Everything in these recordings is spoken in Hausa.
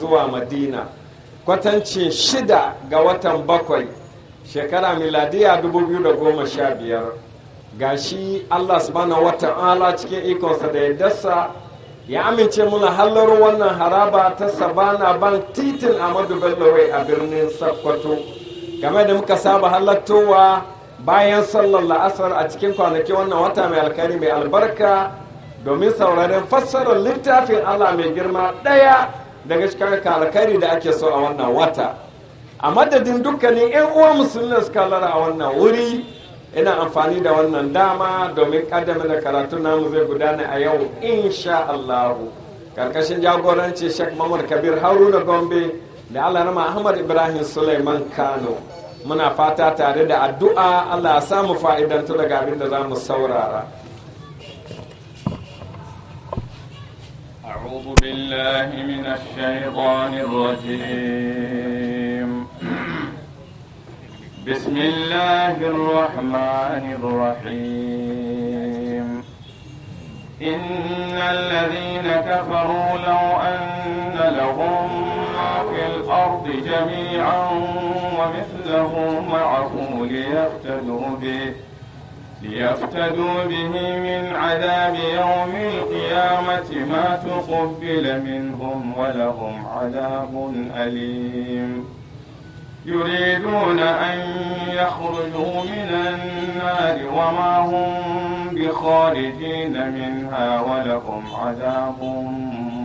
zuwa madina kwatancin shida ga watan bakwai shekara miladiya 2015 ga shi allah subhanahu wa ta'ala cikin ikonsa da ya dasa ya amince muna hallaro wannan haraba ta sabana ban titin amadu bello a birnin sakkwato game da muka saba hallatowa bayan sallar la'asar a cikin kwanaki wannan wata mai alkari mai albarka domin sauraren fassarar littafin allah mai girma ɗaya daga cikin alkhairi da ake so a wannan wata a madadin dukkanin 'yan uwa musulmi suka lara a wannan wuri ina amfani da wannan dama domin kaddamar da karatu namu zai gudana a yau insha Allahu karkashin jagoranci Sheikh Mamar Kabir Haruna Gombe da Allah rama Ahmad Ibrahim Suleiman Kano muna fata tare da addu'a Allah ya samu fa'idantu daga abin da za mu saurara أعوذ بالله من الشيطان الرجيم بسم الله الرحمن الرحيم إن الذين كفروا لو أن لهم ما في الأرض جميعا ومثله معه ليفتدوا به ليفتدوا به من عذاب يوم القيامة ما تقبل منهم ولهم عذاب أليم يريدون أن يخرجوا من النار وما هم بخارجين منها ولهم عذاب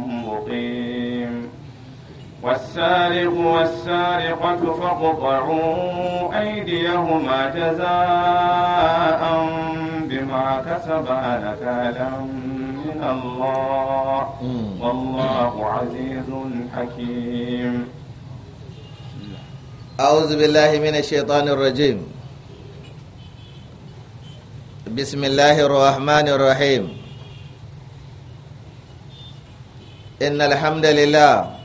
مقيم والسارق والسارقة فاقطعوا أيديهما جزاء بما كسبا نكالا من الله والله عزيز حكيم أعوذ بالله من الشيطان الرجيم بسم الله الرحمن الرحيم إن الحمد لله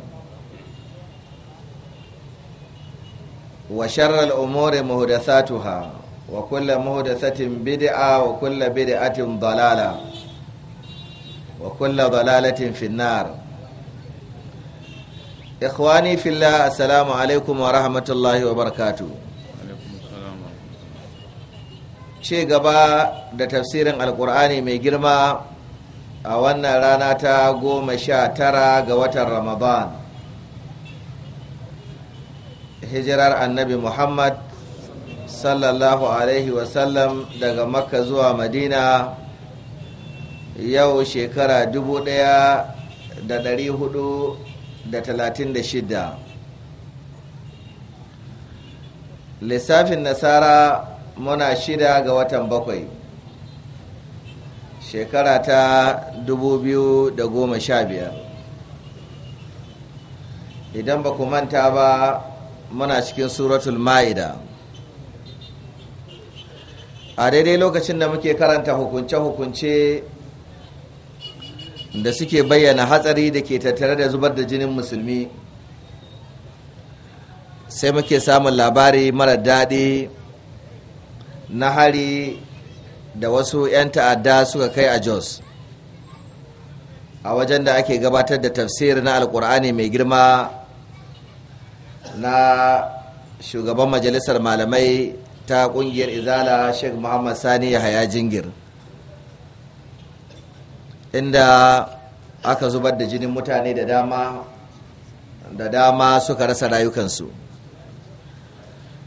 وشر الأمور مهدثاتها وكل مهدثة بدعة وكل بدعة ضلالة وكل ضلالة في النار إخواني في الله السلام عليكم ورحمة الله وبركاته ce gaba da tafsirin alkur'ani mai girma a wannan rana ta goma sha tara ga watan ramadan hijirar annabi muhammad sallallahu alaihi wasallam daga makka zuwa madina yau shekara 1436 lissafin nasara muna shida ga watan bakwai shekara ta 2015 idan ba ku manta ba muna cikin suratul ma'ida a daidai lokacin da muke karanta hukunce-hukunce da suke bayyana hatsari da ke tattare da zubar da jinin musulmi sai muke samun labari mara daɗi na hari da wasu 'yan ta'adda suka kai a jos a wajen da ake gabatar da tafsir na alkur'ani mai girma na shugaban majalisar malamai ta kungiyar izala sheikh muhammad sani yahaya jingir inda aka zubar da jinin mutane da dama da dama suka rasa rayukansu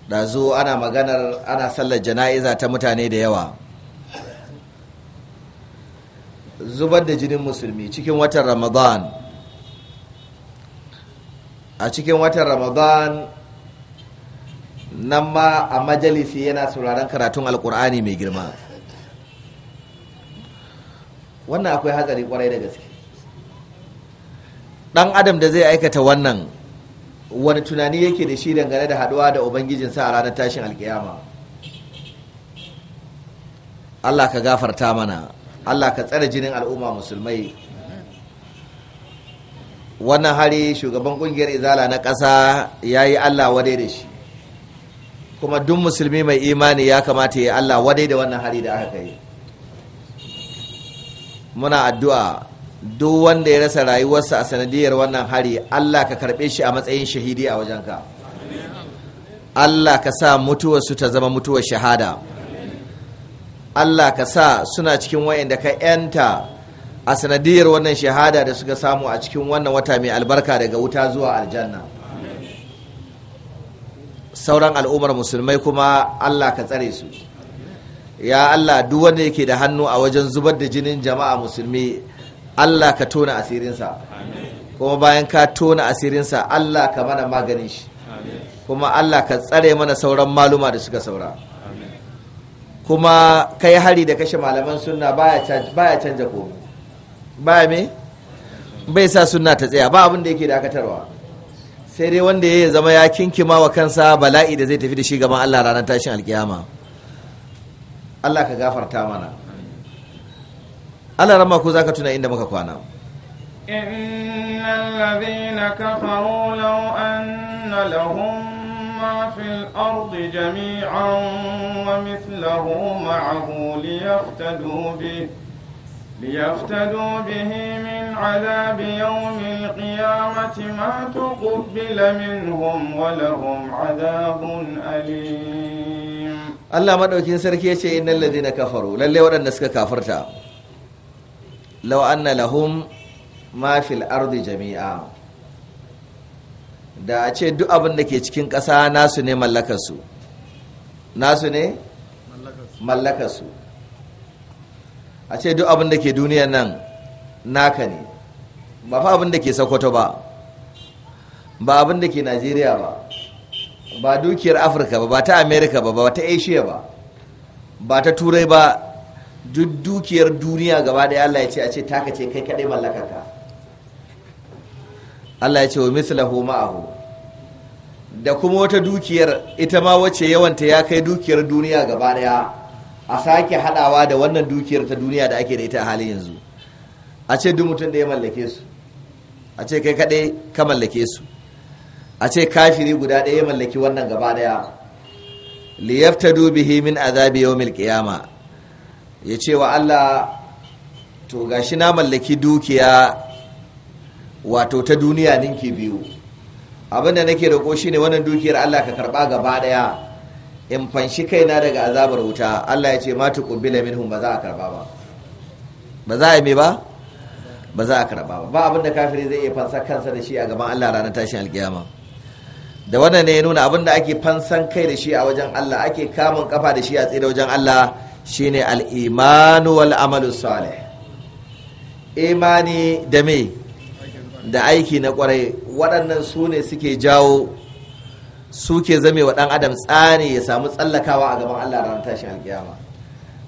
ɗazu ana maganar ana sallar jana'iza ta mutane da yawa zubar da jinin musulmi cikin watan ramadan a cikin watan ramadan nan ma a majalisi yana sauraron karatun alkur'ani mai girma wannan akwai hatsari kwarai da gaske dan adam da zai aikata wannan wani tunani yake da shi dangane da haduwa da ubangijinsa a ranar tashin alkiyama allah ka gafarta mana allah ka tsare jinin al'umma musulmai wannan hari shugaban kungiyar izala na ƙasa ya yi allah wadai da shi kuma duk musulmi mai imani ya kamata ya allah wadai da wannan hari da aka kai muna addu'a duk wanda ya rasa rayuwarsa a sanadiyar wannan hari allah ka karɓe shi a matsayin shahidi a wajenka allah ka sa mutuwarsu ta zama mutuwar shahada allah ka sa suna cikin wayanda ka 'yanta a sanadiyar wannan shahada da suka samu a cikin wannan wata mai albarka daga wuta zuwa aljanna sauran al'ummar musulmai kuma allah ka tsare su ya allah duk wanda yake da hannu a wajen zubar da jinin jama'a musulmi allah ka tona asirinsa kuma bayan ka tona asirinsa allah ka mana maganin shi kuma allah ka tsare mana sauran maluma da suka saura kuma kai hari da kashe malaman sunna baya canja komai ba me bai sa suna ta tsaya ba abin da yake dakatarwa sai dai wanda ya zama ya kinkima wa kansa bala'i da zai tafi da shi gaban Allah ranar tashin alkiyama Allah ka gafarta mana Allah ku za ka tuna inda muka kwana innal kafa kafaru law anna lahum ما في الأرض جميعا ومثله معه ليفتدوا به ليفتدوا به من عذاب يوم القيامة ما تقبل منهم ولهم عذاب أليم الله مدوكين سركي إن الذين كفروا للي ودن نسك كافرتا لو أن لهم ما في الأرض جميعا da a ce duk abin da ke cikin ƙasa nasu ne mallakarsu nasu ne mallakarsu a ce duk abin da ke duniyan nan naka ne ba fa abin da ke sokoto ba ba abin da ke najeriya ba ba dukiyar afirka ba ba ta amerika ba ba ta asia ba ba ta turai ba duk dukiyar duniya gaba da allah ya ce a ce taka ce kai kadai mallakaka allah ya ce wa mislahu ma'ahu da kuma wata dukiyar ita ma wacce yawanta ya kai dukiyar duniya gaba daya a sake haɗawa da wannan dukiyar ta duniya da ake da ita a halin yanzu a ce duk mutum da ya mallake su a ce kai kadai ka mallake su a ce kafiri guda ɗaya ya mallaki wannan gaba daya Liyafta dubi himin azabi yawmil qiyama ya ce wa Allah to gashi na mallaki dukiya wato ta duniya ninki biyu abinda nake da ƙoshi ne wannan dukiyar Allah ka karɓa gaba daya in fanshi kaina daga azabar wuta Allah ya ce ma tuqbila minhum ba za a karba ba ba za a yi me ba ba za a karba ba ba abinda kafiri zai iya fansa kansa da shi a gaban Allah ranar tashin alkiyama da wannan ne ya nuna abin da ake fansan kai da shi a wajen Allah ake kamun kafa da shi a tsira wajen Allah shine al-imanu wal amalu salih imani da me da aiki na kwarai waɗannan su ne suke jawo suke zame wa dan adam tsane ya samu tsallakawa a gaban Allah ran tashin alkiyama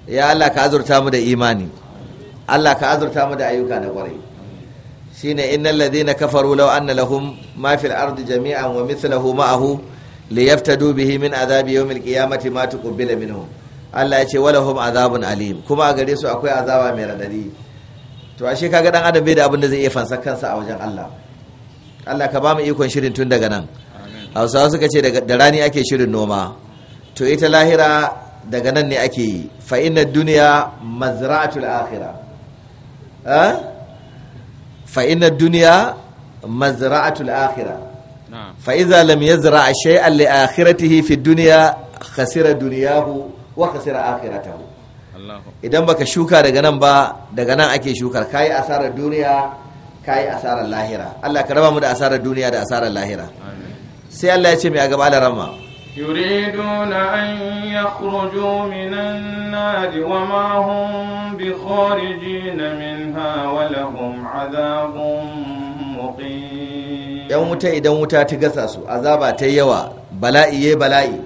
ya Allah ka azurta mu da imani Allah ka azurta mu da ayyuka na kwarai shine innal ladina kafaru law anna lahum ma fil ardi jami'an wa mithluhu ma'ahu liyaftadu bihi min adhabi yawmil qiyamati ma tuqbila minhum Allah ya walahum adhabun alim kuma a gare su akwai azaba mai radadi to ashe kaga dan adam bai da abin da zai iya fansa kansa a wajen Allah Allah ka ba mu ikon shirin tun daga nan hausawa suka ce da rani ake shirin noma to ita lahira daga nan ne ake yi fa'inar duniya mazra'atul akhira fa'inar duniya mazra'atul akhira fa'iza lam yazra shay'an li akhiratihi fi duniya khasira duniyahu wa khasira akhiratahu idan baka shuka daga nan ba daga nan ake shukar kayi asarar duniya kayi asarar lahira Allah ka raba mu da asarar duniya da asarar lahira amin sai Allah ya ce mai a gaba da rama يريدون أن يخرجوا من ‘yan wuta idan wuta ta gasa su azaba ta yawa bala'i ya bala'i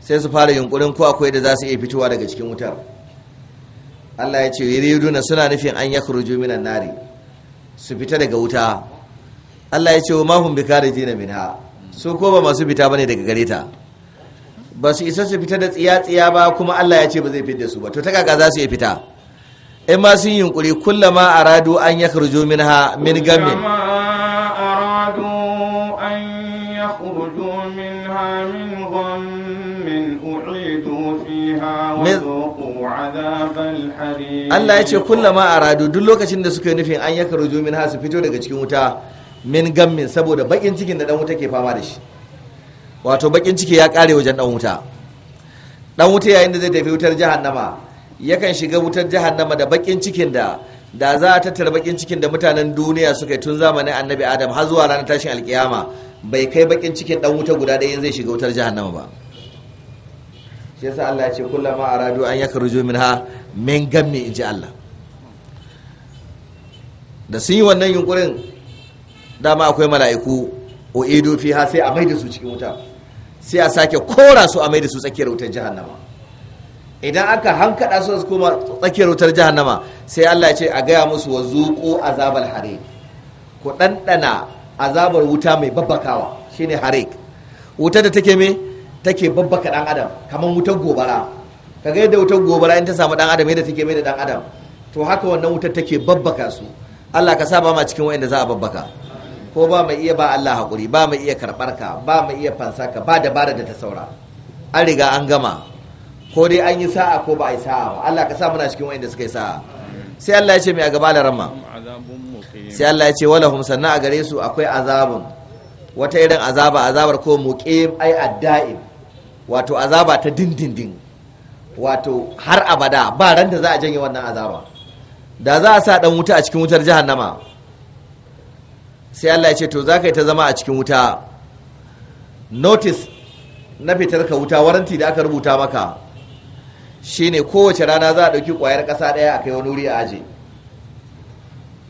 sai su fara yunkurin ko akwai da za su iya fitowa daga cikin wutar Allah ya ce na suna nufin an yakhruju minan nari su fita daga wuta Allah ya ce wa mahum bi min ha su ko ba masu fita bane daga gare ta ba su isa su fita da tsiya tsiya ba kuma Allah ya ce ba zai fita su ba to ta kaka za su iya fita in ma sun yunkuri kullama aradu an ya minha min ha aradu an min gamin Allah ya ce kullama aradu duk lokacin da suka yi nufin an yaka rujo min su fito daga cikin wuta min gammin saboda bakin cikin da ɗanwuta ke fama da shi wato bakin ciki ya ƙare wajen ɗanwuta wuta yayin da zai tafi wutar jahannama yakan shiga wutar jahannama da bakin cikin da da za a tattara bakin cikin da mutanen duniya suka yi tun zamanin annabi adam har zuwa ranar tashin alkiyama bai kai bakin cikin dan wuta guda ɗaya zai shiga wutar jahannama ba shi yasa Allah ya ce kullama aradu an yaka rujo min ha? Min gammi ji Allah da sun yi wannan yunkurin dama akwai mala'iku o ido fi ha sai a maida su cikin wuta sai a sake kora su a maida su tsakiyar wutar jahannama idan aka hankada su su koma tsakiyar wutar jahannama sai Allah ya ce a gaya musu wa zuqu azabal hare ku dandana azabar wuta mai babbakawa shine hare wuta da take me take babbaka dan adam kamar wutar gobara kaga yadda wutar gobara in ta samu dan adam yadda take mai da dan adam to haka wannan wutar take babbaka su Allah ka saba ma cikin wayanda za a babbaka ko ba mai iya ba Allah hakuri, ba mai iya karɓar ka ba mai iya fansa ka ba dabara da ta saura an riga an gama ko dai an yi sa'a ko ba a yi sa'a ba Allah ka sa muna cikin wanda suka yi sa'a sai Allah ya ce mai a gaba ramma sai Allah ya ce wala hum sanna a gare su akwai azabun wata irin azaba azabar ko muqim ai adda'im wato azaba ta dindindin wato har abada ba ran da za a janye wannan azaba da za a sa dan wuta a cikin wutar jahannama sai Allah ya ce to za ka yi ta zama a cikin wuta notice na fitar ka wuta waranti da aka rubuta maka shine kowace rana za a ɗauki ƙwayar ƙasa ɗaya a kai wani wuri a aje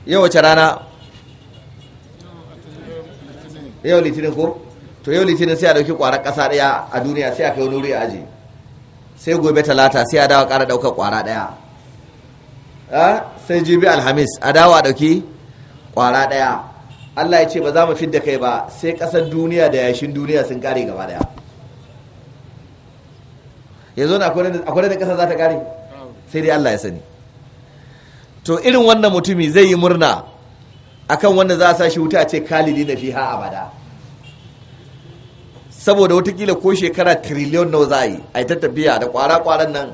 yau wace rana yau litinin ko to yau litinin sai a ɗauki ƙwarar ƙasa ɗaya a duniya sai a kai wani wuri a aje sai gobe talata sai a dawa ƙara ɗaukar ƙwara ɗaya ah, sai jibi alhamis a dawa a ɗauki ƙwara ɗaya Allah ya ce ba za mu fidda kai ba sai ƙasar duniya da yashin duniya sun kare gaba daya yanzu na akwai da ƙasa za ta kare sai dai Allah ya sani to irin wannan mutumi zai yi murna akan wanda za a sa shi wuta ce kalidi na fi fiha abada saboda watakila ko shekara triliyon na za a yi a yi ta tafiya da kwara-kwaran nan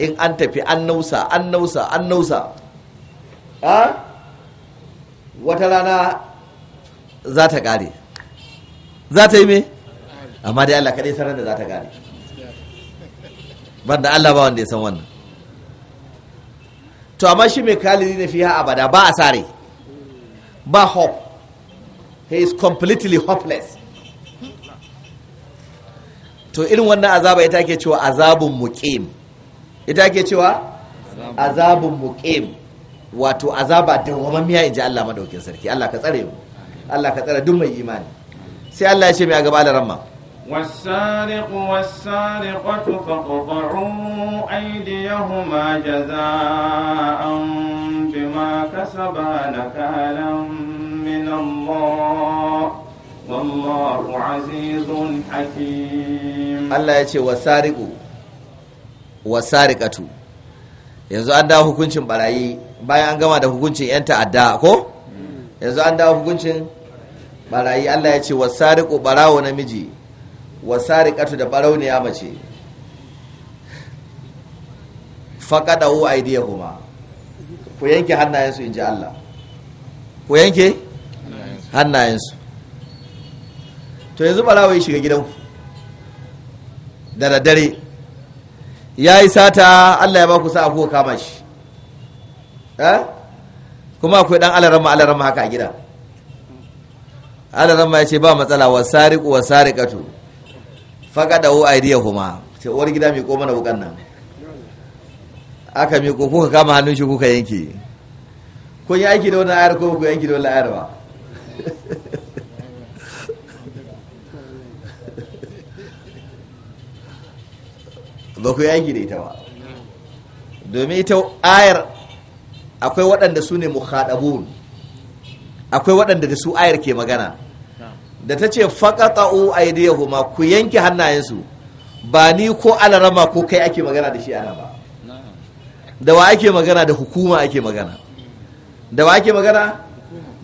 in an tafi an nausa an nausa an nausa ah? wata rana za ta ƙare. za ta yi me amma dai Allah kaɗai sanar da za ta ƙare. banda Allah ba wanda ya san wannan to amma shi mai kalili na fiya abada ba a sare ba hope he is completely hopeless to irin wannan azaba ita ke cewa azabun muqim ita ke cewa azabun muqim wato azaba dawwamammiya ji Allah madaukin sarki Allah ka tsare mu Allah ka tsara duk mai imani sai Allah ya ce mai a gaba da ramma والسارق والسارقة فاقطعوا أيديهما جزاء na kalan wallahu azizun hakim Allah ya ce wasariku wasariku yanzu an dawo hukuncin barayi bayan an gama da hukuncin 'yan ta'adda ko yanzu an dawo hukuncin barayi Allah ya ce wasariqu barawo namiji wasariqatu da barauniya mace faqadahu aydiyahuma ku yanke hannayensu inji Allah ku yanke hannayensu to yanzu barawo ya shiga gidanku da daddare ya yi sata Allah ya ba ku sa'a ko kama shi eh? kuma akwai dan alarama alarama haka a gida alaran zama ya ce ba matsala wa sariku wa sarikatu faƙaɗa wa aidiya kuma ce uwar gida miko mana wukan nan aka miko kuka kama hannun shi kuka yanke kun yi aiki da wannan ayar ko kuka yanki da wannan ayar ba ba ku yi aiki da ita ba domin ita ayar akwai waɗanda su ne muhaɗabun akwai waɗanda da su ayar ke magana da ta ce faƙaƙa'u ma ku yanke hannayensu ba ni ko alarama ko kai ake magana da shi ana ba da wa ake magana da hukuma ake magana da wa ake magana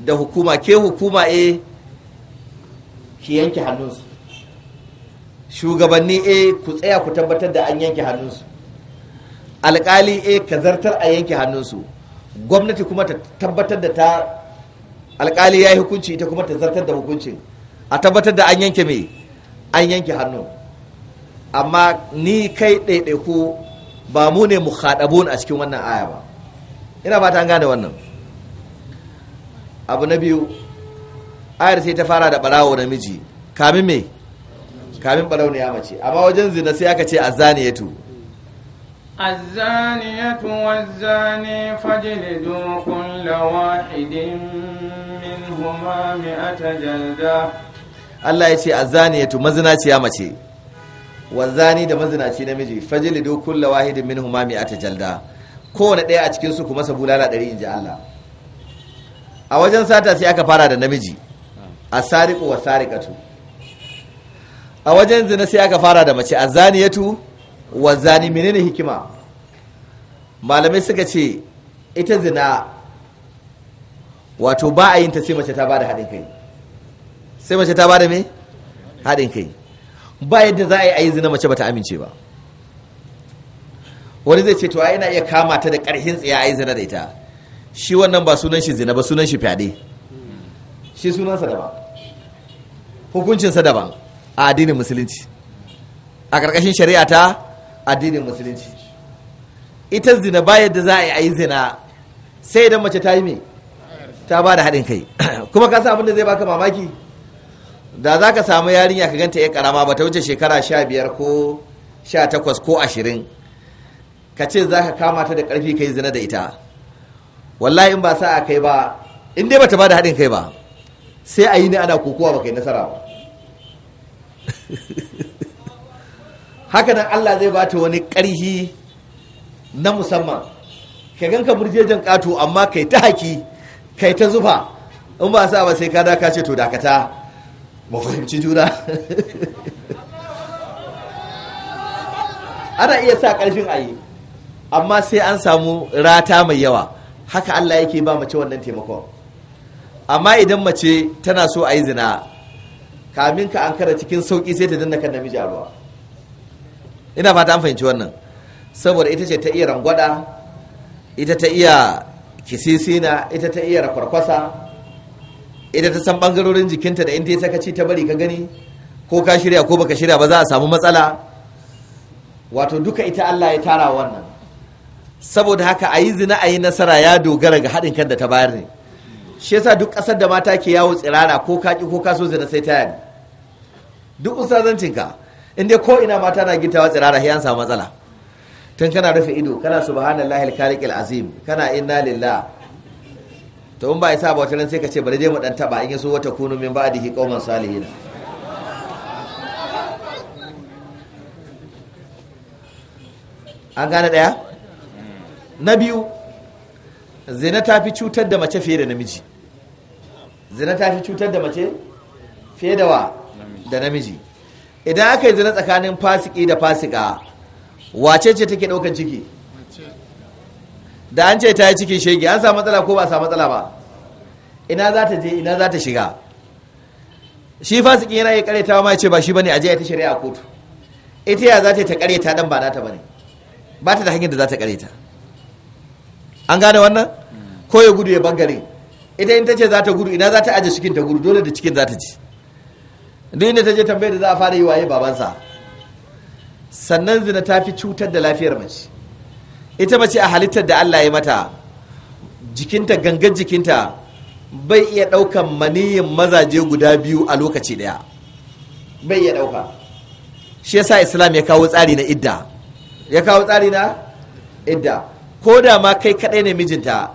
da hukuma ke hukuma e ki yanke hannunsu shugabanni e ku tsaya ku tabbatar da an yanke hannunsu alƙali e ka zartar a yanke hannunsu gwamnati kuma ta tabbatar da ta alkali ya yi hukunci ita kuma ta zartar da hukuncin a tabbatar da an yanke mai an yanke hannu amma ni kai ɗaiɗaiku ba mu ne mu haɗabun a cikin wannan aya ba ina ba ta gane wannan abu na biyu ayar sai ta fara da ɓarawo namiji kamin mai kamin ne ya mace amma wajen zina sai aka ce a tu. الزانية والزاني فاجلدوا كل واحد منهما مئة جلدة Allah ya ce azaniyatu ya mace wazani da mazinaci namiji fajlidu kullu wahidin minhuma mi'ata jalda kowane ɗaya a cikinsu kuma sabu lala ɗari in ji Allah a wajen sata sai aka fara da namiji A asariqu wa sariqatu a wajen zina sai aka fara da mace azaniyatu wa zani menene hikima malamai suka ce ita zina wato ba a yin ta sai mace ta bada haɗin kai sai mace ta bada me haɗin kai ba yadda za a yi a yi zina mace ba ta amince ba wani zai ce to a yana iya kama ta da ƙarfin tsaye a yi zina da ita shi wannan ba sunan shi zina ba sunan shi fyaɗe shi sunansa daban hukuncinsa daban a addinin musulunci a ƙarƙashin shari'a ta addinin musulunci ita zina ba yadda za a yi zina sai idan mace ta yi mai ta ba da haɗin kai kuma ka abin da zai baka mamaki da za ka samu yarinya ka ganta ya karama ba ta wuce shekara sha biyar ko sha takwas ko ashirin ka ce za ka kama ta da ƙarfi kai zina da ita wallahi in ba sa a kai ba in dai bata ba da haɗin kai ba sai a yi ni ana kokowa ba kai nasara ba haka nan Allah zai bata wani ƙarhi na musamman ka ganka burjejen ƙato amma kai ta haki kai ta zufa in ba sa ba sai ka daka ce to dakata ba fahimci juna ana iya sa ƙarfin ayi amma sai an samu rata mai yawa haka Allah yake ba mace wannan taimakon amma idan mace tana so a yi zina kamin ka an kara cikin sauƙi sai ta danna kan namiji a ruwa ina fata an fahimci wannan saboda ita ce ta iya rangwada ita ta iya kisisina ita ta iya rakwarkwasa ita ta san bangarorin jikinta da in ta sakaci ta bari ka gani ko ka shirya ko baka shirya ba za a samu matsala wato duka ita Allah ya tara wannan saboda haka a yi zina a yi nasara ya dogara ga haɗin kan da ta bayar ne shi yasa duk ƙasar da mata ke yawo tsirara ko ka ko ka so zina sai ta yi duk usazancinka ka in dai ko ina mata na gitawa tsirara ya samu matsala tun kana rufe ido kana subhanallahi alkalikil azim kana inna lillah to in ba yi sa ba wata ran sai ka ce bari je mu dan taba in yaso wata kunu min ba'dihi qauman salihin an gane daya na biyu zina ta fi cutar da mace fiye da namiji zina ta fi cutar da mace fiye da wa da namiji idan aka yi zina tsakanin fasiki da fasika wace ce take daukan ciki da an ce ta yi cikin shege an samu matsala ko ba samu matsala ba ina za ta je ina za ta shiga shi fasiki yana yi karetawa ma ce ba shi bane aje ta shari'a kotu ita ya za ta ta kareta dan ba nata bane ba ta da hanyar da za ta kareta an gane wannan ko ya gudu ya bangare ita in ta ce za ta gudu ina za ta aje cikin ta gudu dole da cikin za ta ji duk ta je tambayar da za a fara yi waye babansa sannan zina ta fi cutar da lafiyar mace ita mace a halittar da Allah ya mata jikinta gangan jikinta bai iya ɗaukan maniyin mazaje guda biyu a lokaci ɗaya bai iya ɗauka shi yasa islam ya kawo tsari na idda ya kawo tsari na idda ko da ma kai kaɗai ne mijinta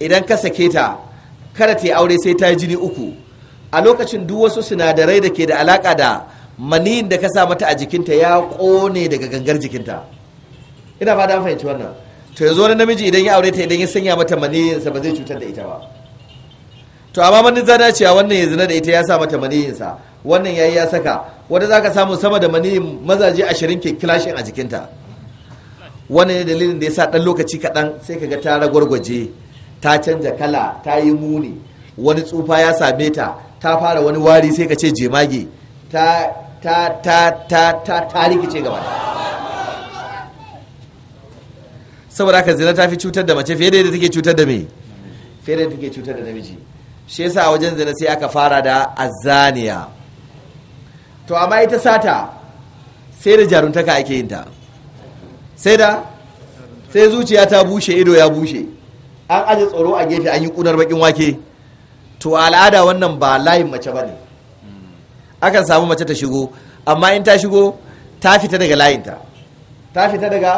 idan ka sake ta kada ta yi aure sai ta yi jini uku a lokacin duk wasu sinadarai da ke da alaka da maniyin da ka sa mata a jikinta ya kone daga gangar jikinta ina ba da fahimci wannan to yanzu wani namiji idan ya aure ta idan ya sanya mata sa ba zai cutar da ita ba to amma mani zana cewa wannan ya zina da ita ya sa mata sa wannan yayi ya saka wanda zaka samu sama da maniyin mazaje ashirin ke kilashin a jikinta wannan ne dalilin da ya sa dan lokaci kaɗan sai kaga ga ta ragwargwaje ta canja kala ta yi muni wani tsufa ya same ta ta fara wani wari sai ka ce jemage ta ta ta ta ta ta rikice gaba saboda haka zina ta fi cutar da mace fiye da yadda take cutar da me fiye da take cutar da namiji shi yasa a wajen zina sai aka fara da azaniya to amma ita sata sai da jaruntaka ake yin ta sai da sai zuciya ta bushe ido ya bushe an aje tsoro a gefe an yi kunar bakin wake to al'ada wannan ba layin mace ba ne akan samu mace ta shigo amma in ta shigo ta fita daga layinta ta fita daga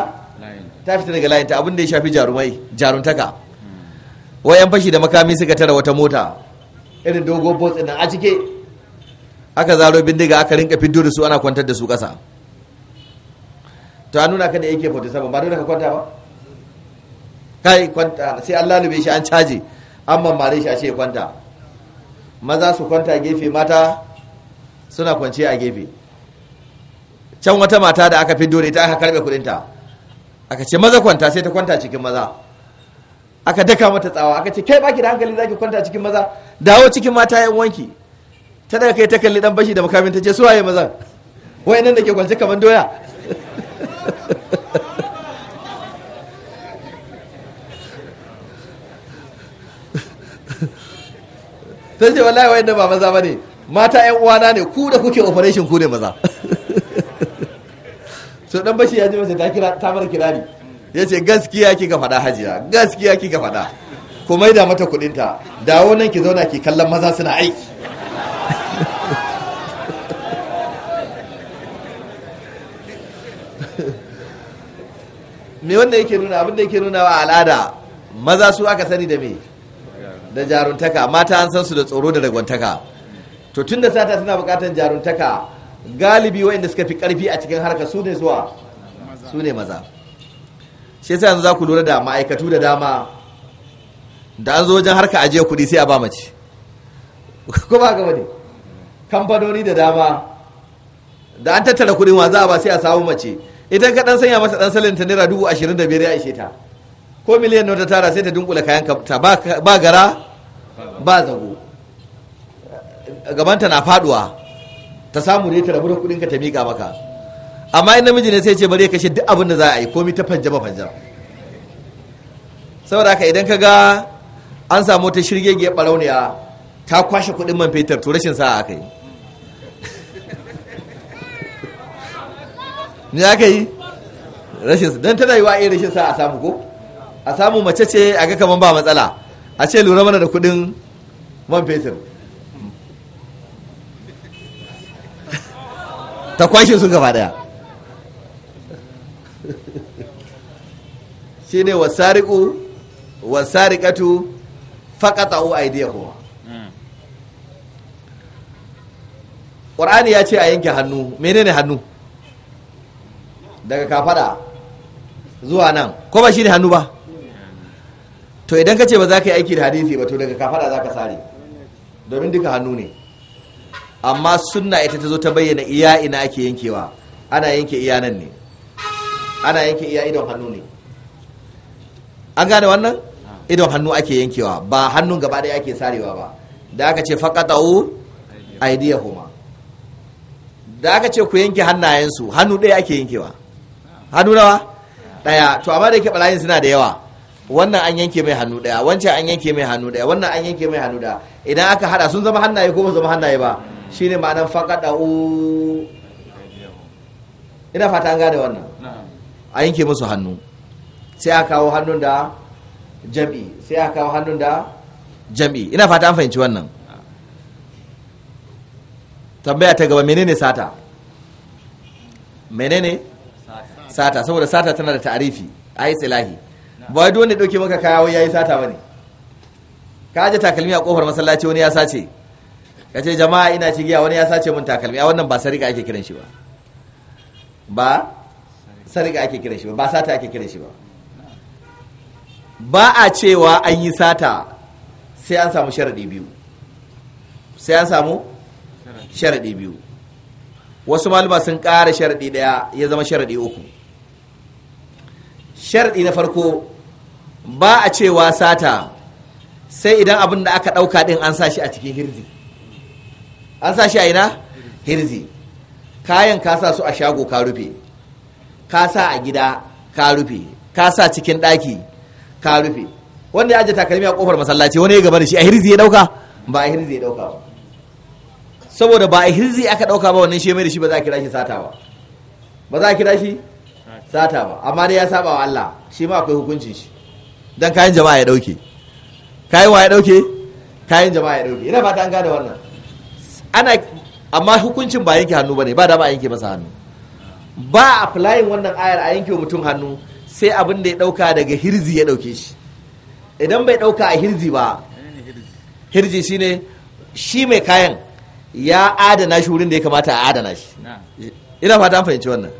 ta fita daga layinta abinda ya shafi jarumai jaruntaka an fashi da makami suka tara wata mota irin dogo botsi nan a cike aka zaro bindiga aka rinka fiddo da su ana kwantar da su kasa to an nuna ka da yake 47 ba dole ka kwanta ba kai kwanta sai Allah bai shi an caje an mare shi a ce kwanta maza su kwanta a gefe mata suna kwance a gefe can wata mata da aka fi dore ta aka karbe kudinta aka ce maza kwanta sai ta kwanta cikin maza aka daka mata tsawa aka ce kai baki da hankali zaki kwanta cikin maza dawo cikin mata yan wanki ta daga kai ta kalli dan bashi da makamin ta ce su waye mazan wayannan da ke kwance kaman doya sai ce wallahi wayanda ba maza bane mata yan uwana ne ku da kuke operation ku ne maza so dan bashi ya ji mace ta kira ta bar kirari yace gaskiya ki ga faɗa hajiya gaskiya ki ga faɗa ku da mata kudin ta dawo nan ki zauna ki kallon maza suna aiki me wanda yake nuna abin da yake nuna wa al'ada maza su aka sani da me da jaruntaka mata an san su da tsoro da ragwantaka to tun da sata suna bukatar jaruntaka galibi wa'inda suka fi karfi a cikin harka su ne zuwa su ne maza shi yasa yanzu za ku lura da ma'aikatu da dama da an zo wajen harka ajiye kuɗi sai a ba mace ko ba gaba ne kamfanoni da dama da an tattara kuɗin wa za a ba sai a samu mace idan ka dan sanya masa dan salin ta naira dubu ashirin da biyar ya ishe ta ko miliyan nota tara sai ta dunkula kayan ta ba gara ba zago gabanta na faduwa ta samu ne ta rabu da kudinka ta miƙa maka amma in namiji ne sai ce bari ya kashe duk abin da za a yi komi ta ba fanje. saboda haka idan ka ga an samu ta shirge shirgegiyar barauniya ta kwashe kudin man fetur to rashin sa'a aka yi ne aka yi rashin don tana yi wa a rashin sa'a samu ko a samu mace ce a ga kaman ba matsala a ce lura mana da kudin man fetur ta kwashe su gaba daya shi ne wasariku wasarikatu faƙaɗa'u a idiyahu ƙwar'ani ya ce a yanke hannu menene hannu daga kafada zuwa nan ko ba shi ne hannu ba to idan ka ce ba za ka yi aiki da hadisi ba to daga kafada za ka sare domin duka hannu ne amma sunna ita ta zo ta bayyana iya ina ake yankewa ana yanke iya nan ne ana yanke iya idon hannu ne an gane wannan idon hannu ake yankewa ba hannun gaba ɗaya ake sarewa ba da aka ce faƙaɗa'u kuma da aka ce ku yanke hannayensu hannu ɗaya ake yankewa hannu nawa ɗaya to amma da yake ɓarayin suna da yawa wannan an yanke mai hannu daya wancan an yanke mai hannu daya wannan an yanke mai hannu daya idan aka hada sun zama hannaye ko ba zama hannaye ba shine ma'anar faƙaɗa u ina fata an gane wannan a yanke musu hannu sai a kawo hannun da jam'i sai a kawo hannun da jam'i ina fata an fahimci wannan tambaya ta gaba menene sata menene sata saboda sata tana da ta'arifi a yi tsilahi ba duk wanda dauke maka kaya wai yayi sata bane ka aje takalmi a kofar masallaci wani ya sace ka ce jama'a ina ci giya wani ya sace mun takalmi a wannan ba sarika ake kiran shi ba ba sarika ake kiran shi ba ba sata ake kiran shi ba ba a cewa an yi sata sai an samu sharadi biyu sai an samu sharadi biyu wasu maluma sun ƙara sharadi daya ya zama sharadi uku sharadi na farko ba a cewa sata sai idan abin da aka ɗauka ɗin an sa shi a cikin hirzi an sa shi a ina hirzi kayan ka sa su a shago ka rufe ka sa a gida ka rufe ka sa cikin ɗaki ka rufe wanda ya aje takalmi a kofar masallaci wani ya gaba da shi a hirzi ya ɗauka ba a hirzi ya ɗauka ba saboda ba a hirzi aka ɗauka ba wannan shi da shi ba za a kira shi sata ba ba za a kira shi sata ba amma dai ya saba wa Allah shi ma akwai hukuncin shi dan kayan jama'a ya dauke kayan wa ya dauke kayan jama'a ya dauke ina fata an gane wannan ana amma hukuncin ba yanke hannu bane ba da ba a yanke masa hannu ba a wannan ayar a yanke mutum hannu sai abin da ya dauka daga hirzi ya dauke shi idan bai dauka a hirzi ba hirzi shine shi mai kayan ya adana shi wurin da ya kamata a adana shi ina fata fahimci wannan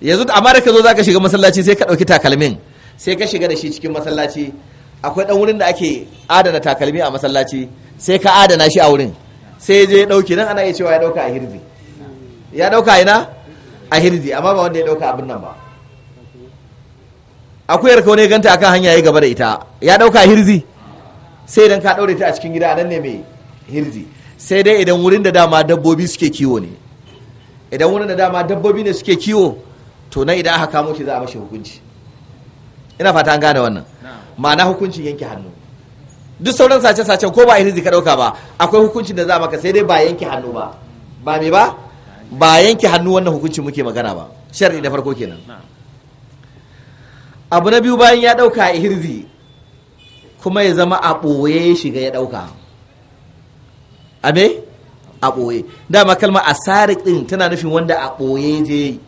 yanzu amma da ka zo zaka shiga masallaci sai ka dauki takalmin sai ka shiga da shi cikin masallaci akwai dan wurin da ake adana takalmi a masallaci sai ka adana shi a wurin sai je ya dauki nan ana iya cewa ya dauka a hirzi ya dauka ina a hirzi amma ba wanda ya dauka abin nan ba akuyar ka wani ganta akan hanya ya gaba da ita ya dauka a hirzi sai idan ka daure ta a cikin gida nan ne mai hirzi sai dai idan wurin da dama dabbobi suke kiwo ne idan wurin da dama dabbobi ne suke kiwo to na idan aka kamo shi za a mashi hukunci ina fata an gane wannan ma'ana hukuncin yanke hannu duk sauran sace-sace ko ba hirzi ka ɗauka ba akwai hukuncin da za maka sai dai ba yanke hannu ba ba me ba ba yanke hannu wannan hukuncin muke magana ba sharri da farko kenan abu na biyu bayan ya ɗauka a hirzi kuma ya zama a ɓoye ya shiga ya ɗauka a me a ɓoye dama kalma a sarik ɗin tana nufin wanda a ɓoye je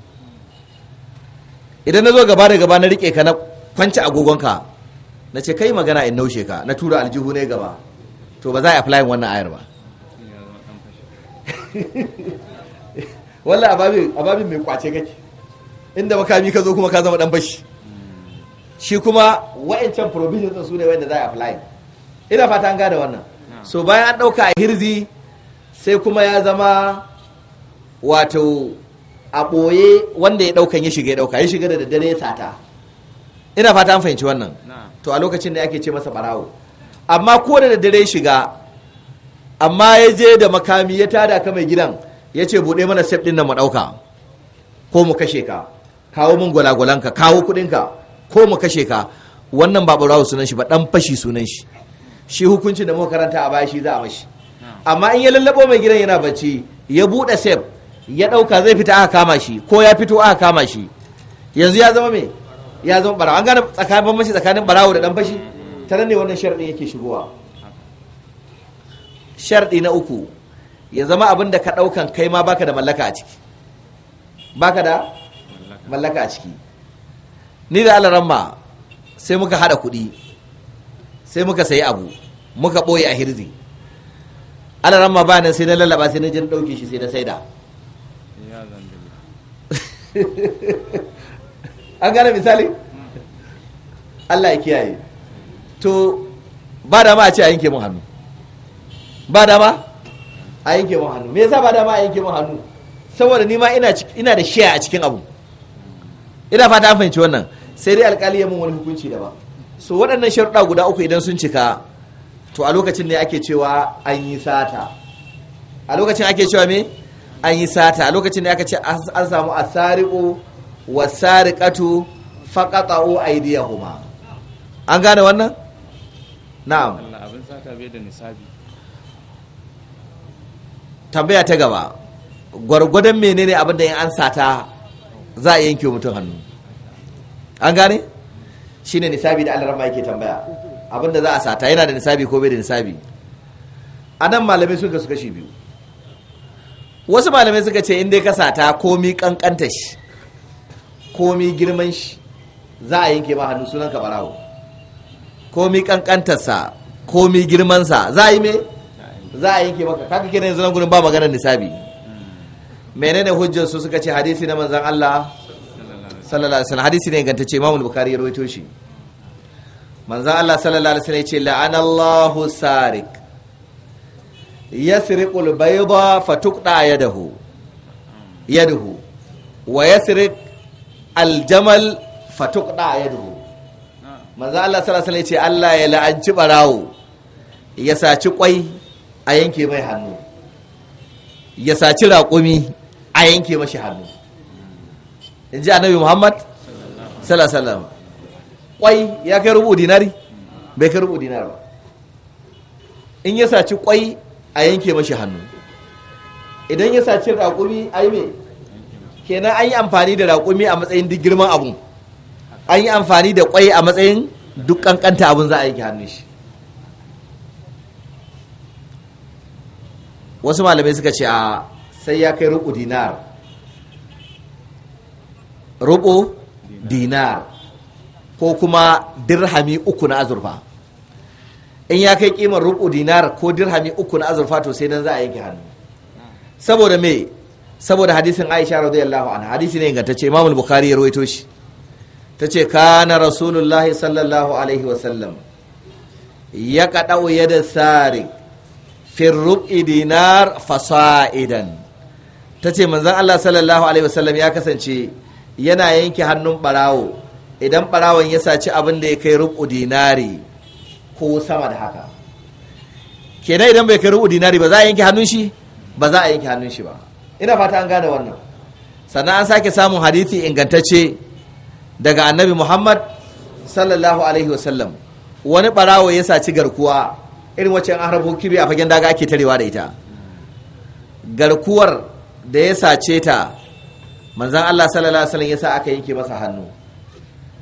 idan na zo gaba da gaba na riƙe ka na kwanci agogonka na ce kai magana in naushe ka na tura aljihu ne gaba to ba za a apply wannan ayar ba wallah ababin mai kwace kake inda makami ka zo kuma ka zama dan bashi shi kuma wa'ancan din su ne wanda za a apply ina fata an gada wannan so bayan an dauka a hirzi sai kuma ya zama wato a ɓoye wanda ya daukan ya shiga ya dauka ya shiga da daddare ya sata ina fata an fahimci wannan to a lokacin da ake ce masa barawo amma ko da dare shiga amma ya je da makami ya tada ka mai gidan ya ce buɗe mana sef ɗin nan mu ɗauka ko mu kashe ka kawo min gwalagwalanka kawo kuɗinka ko mu kashe ka wannan ba barawo sunan shi ba ɗan fashi sunan shi shi hukuncin da muka karanta a baya shi za a mashi amma in ya lallabo mai gidan yana bacci ya buɗe sef ya ɗauka zai fita aka kama shi ko ya fito aka kama shi yanzu ya zama me ya zama barawo an gane tsakanin bambanci tsakanin barawo da dan fashi ta nan ne wannan sharɗi yake shigowa sharɗi na uku ya zama abin da ka ɗaukan kai ma baka da mallaka a ciki baka da mallaka a ciki ni da alaramma sai muka haɗa kuɗi sai muka sayi abu muka ɓoye a hirzi alaramma ba nan sai na lallaba sai na jin ɗauke shi sai na saida an gane misali Allah ya kiyaye to ba dama a ce a yanke mun hannu ba dama a yanke mun hannu me yasa ba dama a yanke mun hannu saboda ni ma ina ina da share a cikin abu ina fata an fahimci wannan sai dai alkali ya mun wani hukunci da ba. so waɗannan sharuɗa guda uku idan sun cika to a lokacin ne ake cewa an yi sata a lokacin ake cewa me an yi sata a lokacin ne aka ce an samu asari'u wasariqatu faqata'u aydiyahuma an gane wannan na'am abin bai da nisabi tambaya ta gaba gwargwadon menene abin da in an sata za a yanke mutum hannu an gane Shi ne nisabi da alarama yake tambaya abin da za a sata yana da nisabi ko bai da nisabi a nan malamai suka shi biyu wasu malamai suka ce in dai ka sata komi kankanta shi komi girman shi za a yanke ma hannu sunan ka barawo komi kankantarsa komi girmansa za a yi me za a yanke maka kaka kenan yanzu nan gudun ba maganar nisabi menene hujjar su suka ce hadisi na manzan Allah sallallahu alaihi wasallam hadisi ne ganta ce Imam Bukhari ya rawaito shi manzan Allah sallallahu alaihi wasallam ya ce la'anallahu sarik yasriqul bayda fatuqta yadahu yadahu wa yasriq aljamal Fatuk ya yadhu manzo Allah sallallahu alaihi ce Allah ya la'anci barawo ya saci kwai a yanke mai hannu ya saci raƙumi a yanke mashi hannu in ji annabi Muhammad sallallahu alaihi kwai ya kai rubu dinari bai kai rubu dinari ba in ya saci kwai a yanke mashi hannu idan ya saci raƙumi a yi mai kenan an yi amfani da raƙumi a matsayin duk girman abun an yi amfani da ƙwai a matsayin duk ƙanƙanta abun za a yi hannun shi wasu malamai suka ce a sai ya kai rubu dinar rubu dinar ko kuma dirhami uku na azurfa in ya kai kimar rubu dinar ko dirhami uku na azurfa to sai nan za a yanke hannu saboda me saboda hadisin Aisha radiyallahu anha hadisi ne ce Imam al-Bukhari ya rawaito shi tace kana Rasulullahi sallallahu alaihi wa sallam ya kadau yada sari fi rub'i dinar fasaidan tace manzon Allah sallallahu alaihi wa sallam ya kasance yana yanke hannun barawo idan barawon ya saci abin da ya kai rub'u dinari ko sama da haka kenan idan bai kai rub'u dinari ba za a yanke hannun shi ba za a yanke hannun shi ba ina fata an gane wannan sannan an sake samun hadithi ingantacce daga annabi muhammad sallallahu alaihi wasallam wani barawo ya saci garkuwa irin wacce an harbo kibi a fagen daga ake tarewa da ita garkuwar da ya sace ta manzan allah sallallahu alaihi wasallam ya sa aka yanke masa hannu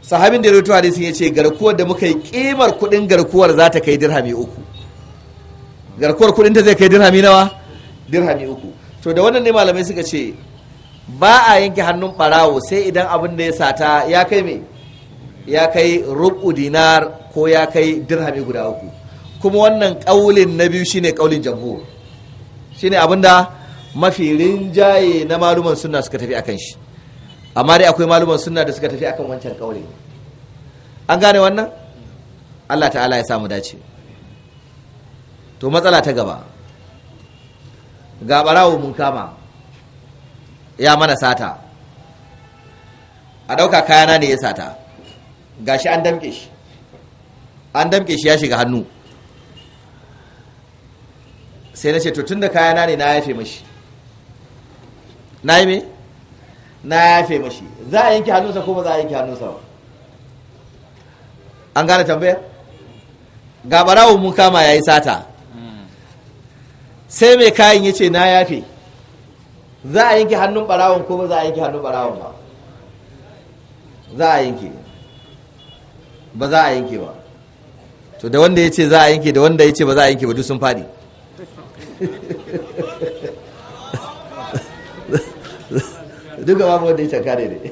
sahabin da ya rutu hadisi ya ce garkuwar da muka yi kimar kudin garkuwar za ta kai dirhami uku garkuwar kudin ta zai kai dirhami nawa dirhami uku to da wannan ne malamai suka ce ba a yanke hannun barawo sai idan abin da ya sata ya kai me ya kai rubu dinar ko ya kai dirhami guda uku kuma wannan kaulin na biyu shine kaulin jamhur shine abin da mafi rinjaye na maluman suna suka tafi akan shi amma dai akwai maluman suna da suka tafi akan wancan kaulin an gane wannan Allah ta'ala ya samu dace to matsala ta gaba ga barawo mun kama ya mana sata a ɗauka kayana ne ya sata Ga shi an damke shi an damke shi ya shiga hannu sai na ce to tun da kayana ne na yafe mashi na yi me na yafe mashi za a yanke hannunsa ko ba za a yanke hannunsa ba an gane tambayar ga barawo mun kama ya yi sata sai mai kayan ya ce na yafe za a yanke hannun barawon ko ba za a yanke hannun barawon ba za a yanke ba za a yanke ba to da wanda ya ce za a yanke da wanda ya ce ba za a yanke ba duk sun faɗi duka babu wanda ya canka ne ne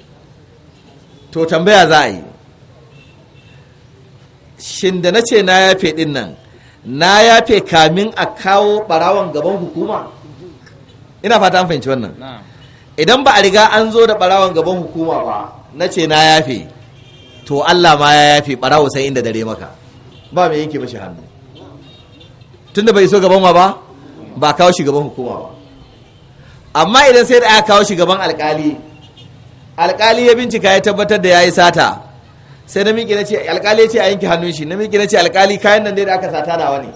to tambaya za a yi shin da na ce na yafe ɗin nan na yafe kamin a kawo barawan gaban hukuma ina fata an fahimci wannan idan ba a riga an zo da barawan gaban hukuma ba na ce na yafe to Allah ma ya yafe barawo sai inda dare maka ba mai yanke mashi hannu tunda bai so gaban ba ba kawo shi gaban hukuma ba amma idan sai da aka kawo shi gaban alkali alkali ya bincika ya tabbatar da ya yi sata sai na na ce alƙali ce a yanke hannun shi na na ce alƙali kayan nan dai da aka sata nawa ne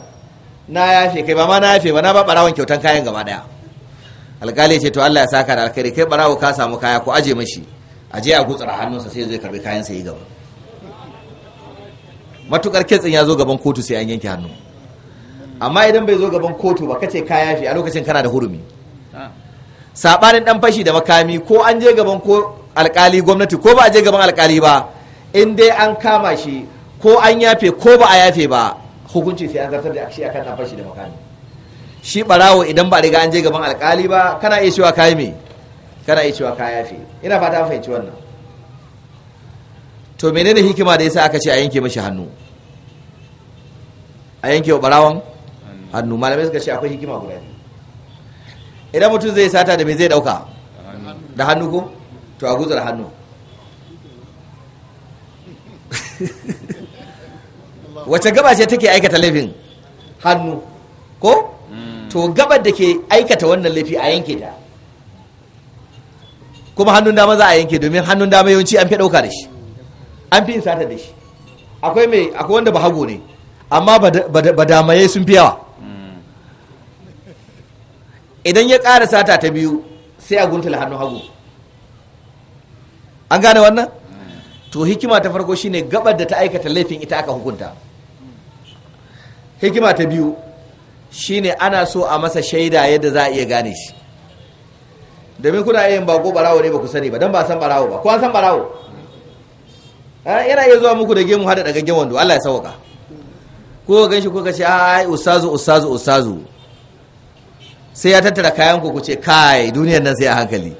na yafe kai ba ma na yafe ba na ba barawon kyautan kayan gaba daya alƙali ce to Allah ya saka da alkhairi kai barawo ka samu kaya ko aje mashi aje a gutsura hannunsa sai zai karɓi kayan sa yi gaba matukar kitsin ya zo gaban kotu sai an yanke hannu amma idan bai zo gaban kotu ba kace ka yafe a lokacin kana da hurumi sabanin dan fashi da makami ko an je gaban ko alkali gwamnati ko ba a je gaban alkali ba in dai an kama shi ko an yafe ko ba a yafe ba hukunci sai an zartar da shi akan an fashi da makami shi barawo idan ba riga an je gaban alkali ba kana iya cewa kai me kana iya cewa ka yafe ina fata an fahimci wannan to menene hikima da yasa aka ce a yanke mashi hannu a yanke wa barawon hannu malamai suka ce akwai hikima guda idan mutum zai sata da me zai dauka da hannu ko to a guzar hannu wace gaba ce take aikata laifin hannu ko hmm. to gabar da ke aikata wannan laifi a yanke ta kuma hannun dama za a yanke domin hannun dama yawanci an fi ɗauka da shi an fi insata da shi akwai mai akwai wanda ba hago ne amma ba damaye sun fi yawa hmm. idan ya ƙara sata ta biyu sai a guntula hannun hagu an gane wannan to hikima ta farko shine gabar da ta aikata laifin ita aka hukunta hikima ta biyu shine ana so a masa shaida yadda za a iya gane shi domin kuna yin bako barawo ne ba ku sani ba don ba san barawo ba kuwa san barawo eh, yana iya zuwa muku da gemu hada daga gemu wando Allah ya sauka ko gan shi ko ka ce ai ustazu ustazu ustazu sai ya tattara kayan ku ku ce kai duniyar nan sai a hankali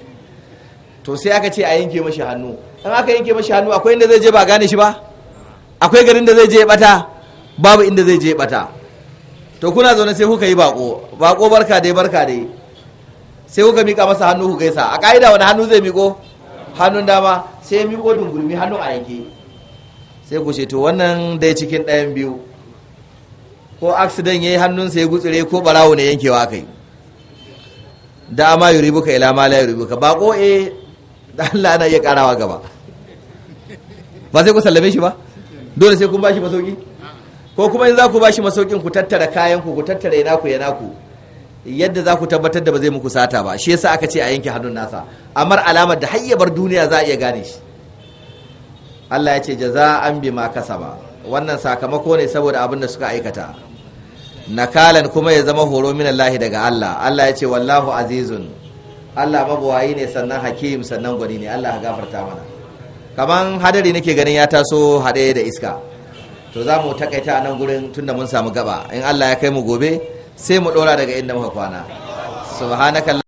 to sai aka ce a yanke mashi hannu in aka yanke mashi hannu akwai inda zai je ba gane shi ba akwai garin da zai je bata babu inda zai je bata to kuna zaune sai kuka yi bako bako barka dai barka dai sai kuka mika masa hannu ku gaisa a ka'ida wani hannu zai miko hannun dama sai ya miko dungurmi hannun a yanke sai ku ce to wannan dai cikin ɗayan biyu ko accident ya yi hannunsa ya gutsure ko barawo ne yankewa kai da ma yuribuka ila ma la yuribuka bako eh da Allah yana iya karawa gaba ba sai ku sallame shi ba dole sai kun bashi masauki ko kuma in za ku bashi masaukin ku tattara kayan ku ku tattara yana ku yana ku yadda za ku tabbatar da ba zai muku sata ba shi yasa aka ce a yanke hannun nasa amma alamar da hayyabar duniya za a iya gane shi Allah ya ce jaza'an bima kasaba wannan sakamako ne saboda abin da suka aikata nakalan kuma ya zama horo min Allah daga Allah Allah ya ce wallahu azizun Allah yi ne sannan hakim sannan gwani ne Allah gafarta mana kaman hadari nake ganin ya taso haɗe da iska to za mu takaita a nan gurin tunda mun samu gaba in Allah ya kai mu gobe sai mu ɗora daga inda muka kwana subhanaka